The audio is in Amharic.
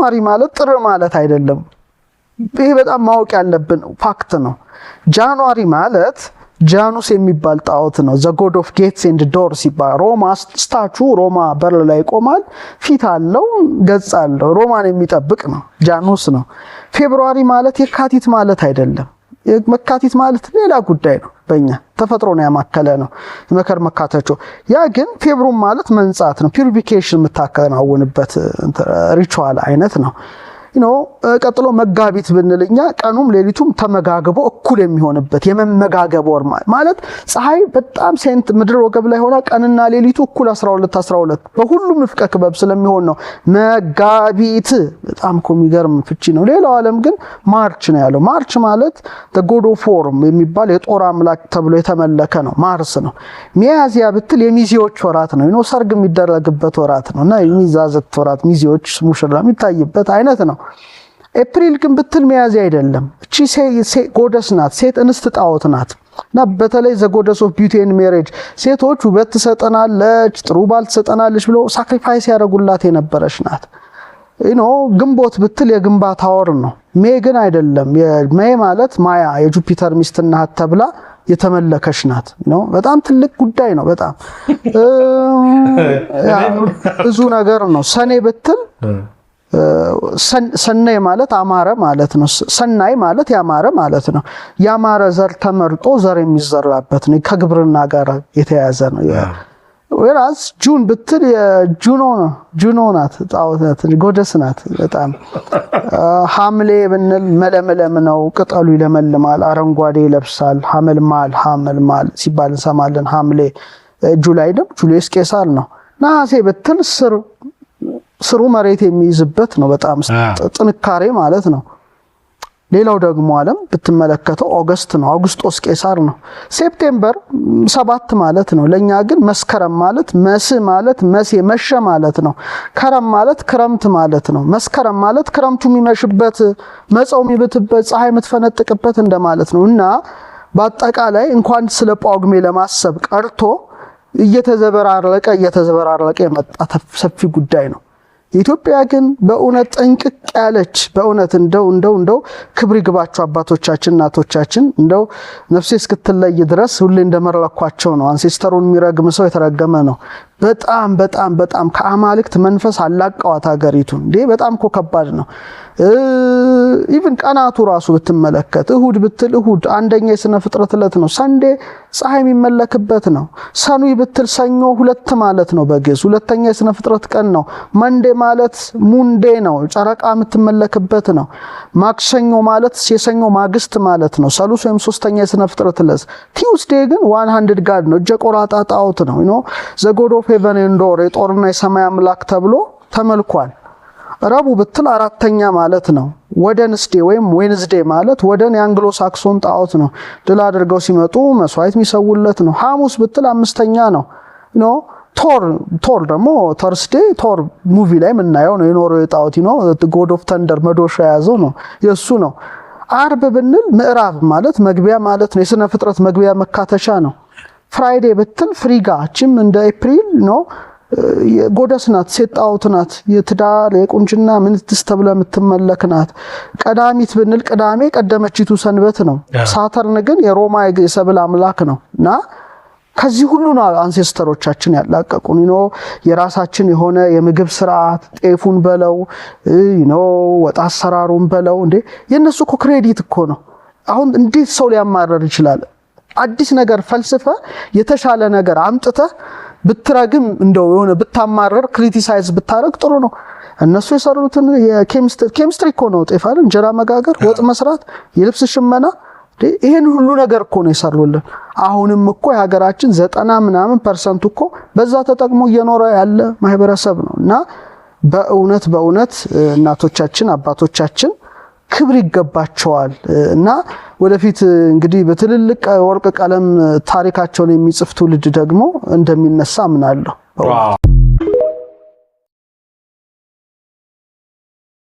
ኗሪ ማለት ጥር ማለት አይደለም። ይሄ በጣም ማወቅ ያለብን ፋክት ነው። ጃንዋሪ ማለት ጃኑስ የሚባል ጣዖት ነው። ዘጎድ ኦፍ ጌትስ ኤንድ ዶርስ ይባላል። ሮማ ስታቹ ሮማ በር ላይ ይቆማል። ፊት አለው፣ ገጽ አለው። ሮማን የሚጠብቅ ነው። ጃኑስ ነው። ፌብሩዋሪ ማለት የካቲት ማለት አይደለም። መካቲት ማለት ሌላ ጉዳይ ነው። በእኛ ተፈጥሮን ያማከለ ነው መከር መካተቾ። ያ ግን ፌብሩን ማለት መንጻት ነው። ፒሪፊኬሽን የምታከናውንበት ሪቹዋል አይነት ነው። ቀጥሎ መጋቢት ብንል እኛ ቀኑም ሌሊቱም ተመጋግቦ እኩል የሚሆንበት የመመጋገብ ወር ማለት ፀሐይ በጣም ሴንት ምድር ወገብ ላይ ሆና ቀንና ሌሊቱ እኩል 12 12 በሁሉም ንፍቀ ክበብ ስለሚሆን ነው መጋቢት። በጣም እኮ የሚገርም ፍቺ ነው። ሌላው ዓለም ግን ማርች ነው ያለው። ማርች ማለት ጎዶ ፎርም የሚባል የጦር አምላክ ተብሎ የተመለከ ነው። ማርስ ነው። ሚያዝያ ብትል የሚዜዎች ወራት ነው። ሰርግ የሚደረግበት ወራት ነው እና የሚዛዘት ወራት ሚዜዎች ሙሽራ የሚታይበት አይነት ነው። ኤፕሪል ግን ብትል ሚያዝያ አይደለም። እቺ ጎደስ ናት፣ ሴት እንስት ጣዖት ናት። እና በተለይ ዘጎደስ ኦፍ ቢዩቲ ኤንድ ሜሬጅ ሴቶች ውበት ትሰጠናለች፣ ጥሩ ባል ትሰጠናለች ብለው ሳክሪፋይስ ያደረጉላት የነበረች ናት። ኖ ግንቦት ብትል የግንባታ ወር ነው። ሜ ግን አይደለም። ሜ ማለት ማያ የጁፒተር ሚስትናት ተብላ የተመለከች ናት። በጣም ትልቅ ጉዳይ ነው። በጣም ብዙ ነገር ነው። ሰኔ ብትል ሰናይ ማለት አማረ ማለት ነው። ሰናይ ማለት ያማረ ማለት ነው። ያማረ ዘር ተመርጦ ዘር የሚዘራበት ነው። ከግብርና ጋር የተያያዘ ነው። ወይራስ ጁን ብትል ጁኖ ነው። ጁኖ ናት፣ ጣዖት ናት፣ ጎደስ ናት። በጣም ሐምሌ ብንል መለመለም ነው። ቅጠሉ ይለመልማል፣ አረንጓዴ ይለብሳል። ሐመልማል ሐመልማል ሲባል እንሰማለን። ሐምሌ ጁላይ ነው። ጁልየስ ቄሳር ነው። ነሐሴ ብትል ስር ስሩ መሬት የሚይዝበት ነው። በጣም ጥንካሬ ማለት ነው። ሌላው ደግሞ ዓለም ብትመለከተው ኦገስት ነው፣ አውግስጦስ ቄሳር ነው። ሴፕቴምበር ሰባት ማለት ነው። ለእኛ ግን መስከረም ማለት መስ ማለት መሴ መሸ ማለት ነው። ከረም ማለት ክረምት ማለት ነው። መስከረም ማለት ክረምቱ የሚመሽበት፣ መፀው የሚብትበት፣ ፀሐይ የምትፈነጥቅበት እንደማለት ነው እና በአጠቃላይ እንኳን ስለ ጳጉሜ ለማሰብ ቀርቶ እየተዘበራረቀ እየተዘበራረቀ የመጣ ሰፊ ጉዳይ ነው። ኢትዮጵያ ግን በእውነት ጠንቅቅ ያለች በእውነት እንደው እንደው እንደው ክብር ይግባቸው አባቶቻችን እናቶቻችን፣ እንደው ነፍሴ እስክትለይ ድረስ ሁሌ እንደመረቅኳቸው ነው። አንሴስተሩን የሚረግም ሰው የተረገመ ነው። በጣም በጣም በጣም ከአማልክት መንፈስ አላቀዋት ሀገሪቱን። እንዴ በጣም እኮ ከባድ ነው። ኢቭን ቀናቱ ራሱ ብትመለከት እሁድ ብትል እሁድ አንደኛ የስነ ፍጥረት እለት ነው። ሰንዴ ፀሐይ የሚመለክበት ነው። ሰኑይ ብትል ሰኞ ሁለት ማለት ነው በግዕዝ ሁለተኛ የስነ ፍጥረት ቀን ነው። መንዴ ማለት ሙንዴ ነው፣ ጨረቃ የምትመለክበት ነው። ማክሰኞ ማለት የሰኞ ማግስት ማለት ነው። ሰሉስ ወይም ሶስተኛ የስነ ፍጥረት ዕለት። ቲውስዴ ግን ዋን ሃንድድ ጋድ ነው፣ እጀ ቆራጣ ጣዖት ነው። ዘጎዶፌ ሄቨን ኤንዶር የጦርና የሰማይ አምላክ ተብሎ ተመልኳል። ረቡ ብትል አራተኛ ማለት ነው። ወደንስዴ ወይም ዌንዝዴ ማለት ወደን የአንግሎ ሳክሶን ጣዖት ነው። ድል አድርገው ሲመጡ መስዋዕት የሚሰውለት ነው። ሐሙስ ብትል አምስተኛ ነው። ኖ ቶር ቶር ደግሞ ተርስዴ ቶር ሙቪ ላይ የምናየው ነው። የኖሮ የጣዖት ነው። ጎድ ኦፍ ተንደር መዶሻ የያዘው ነው የእሱ ነው። አርብ ብንል ምዕራብ ማለት መግቢያ ማለት ነው። የስነ ፍጥረት መግቢያ መካተሻ ነው። ፍራይዴ ብትል ፍሪጋችም እንደ ኤፕሪል ነው። ጎደስ ናት፣ ሴት ጣዖት ናት፣ የትዳር የቁንጅና ምንትስ ተብለ የምትመለክ ናት። ቀዳሚት ብንል ቅዳሜ ቀደመችቱ ሰንበት ነው። ሳተርን ግን የሮማ የሰብል አምላክ ነው እና ከዚህ ሁሉ ነው አንሴስተሮቻችን ያላቀቁን። ኖ የራሳችን የሆነ የምግብ ስርዓት ጤፉን በለው ኖ ወጥ አሰራሩን በለው እንዴ የእነሱ እኮ ክሬዲት እኮ ነው። አሁን እንዴት ሰው ሊያማረር ይችላል? አዲስ ነገር ፈልስፈ የተሻለ ነገር አምጥተ ብትረግም እንደው የሆነ ብታማረር ክሪቲሳይዝ ብታረግ ጥሩ ነው። እነሱ የሰሩትን ኬሚስትሪ እኮ ነው ጤፍ አይደል? እንጀራ መጋገር፣ ወጥ መስራት፣ የልብስ ሽመና ይህን ሁሉ ነገር እኮ ነው የሰሩልን። አሁንም እኮ የሀገራችን ዘጠና ምናምን ፐርሰንት እኮ በዛ ተጠቅሞ እየኖረ ያለ ማህበረሰብ ነው እና በእውነት በእውነት እናቶቻችን አባቶቻችን ክብር ይገባቸዋል እና ወደፊት እንግዲህ በትልልቅ ወርቅ ቀለም ታሪካቸውን የሚጽፍ ትውልድ ደግሞ እንደሚነሳ አምናለሁ።